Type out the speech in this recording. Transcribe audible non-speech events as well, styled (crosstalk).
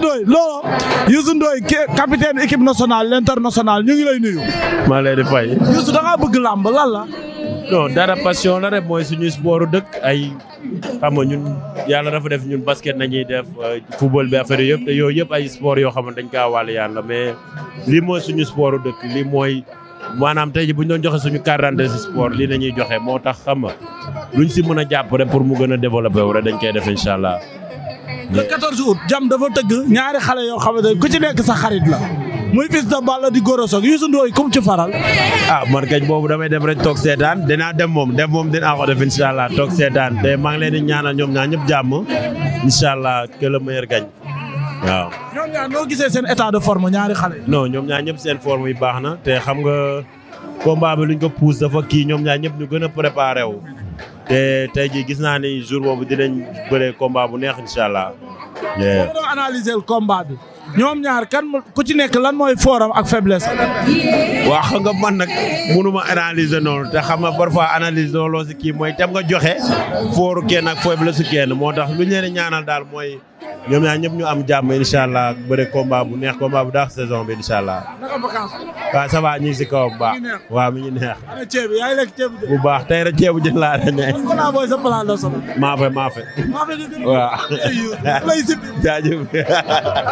Ndoye loolo Youssou Ndoye équipe nationale l'international ñu ngi lay nuyu. maa lay di fay. Youssou da ngaa bëgg làmb lan la. dara passion la rek mooy suñu sportu dëkk ay xam nga ñun yàlla dafa def ñun basket nañuy def euh, football bi affaire yëpp te yooyu yëpp ay sport yoo xam ne dañ kaa wàll yàlla mais lii mooy suñu sportu dëkk lii mooy. maanaam tey bu ñu doon joxe suñu carte d'identité si sport lii la ñuy joxe moo tax xam nga luñ si mën a jàpp rek pour mu gën a développé wu dañ koy def allah. le 14 août jam dafa tëgg ñaari xale yoo xam xamante ku ci nekk sax xarit la muy Fils de Balla di Gora Sock Youssou Ndoye comme ci faral ah man kañ boobu damay dem rek toog seetaan dinaa dem moom dem moom dinaa ko def incha allah toog seetaan te maa ngi leen di ñaanal ñoom ñaa ñëpp jàmm incha allah que le meilleur gagne waaw ñoom ñaar noo gisee seen état de forme ñaari xale non ñoom ñaa ñëpp seen forme yi baax na te xam nga combat bi luñ ko pousse dafa kii ñoom ñaa ñëpp ñu gën a préparé wu te tey jii gis naa ni jour boobu dinañ bëree combat bu neex incha allah. boo doon analyser combat ñoom ñaar kan ku ci nekk lan mooy fooram ak faiblesse waaw xam nga man nag mënuma analyser noonu te xam nga parfois analyse noonu si kii mooy tam nga joxe fooru kenn ak faiblesse kenn moo tax lu ñu ñaanal daal mooy ñoom ñaar ñëpp ñu am jàmm incha allah bëre combat bu neex combat bu daax saison bi incha allah. naka vacance waaw si kaw bu baax. waa mi ngi neex. bu baax tey rek ceebu jën laa ne. kon sa plan la (laughs) (laughs)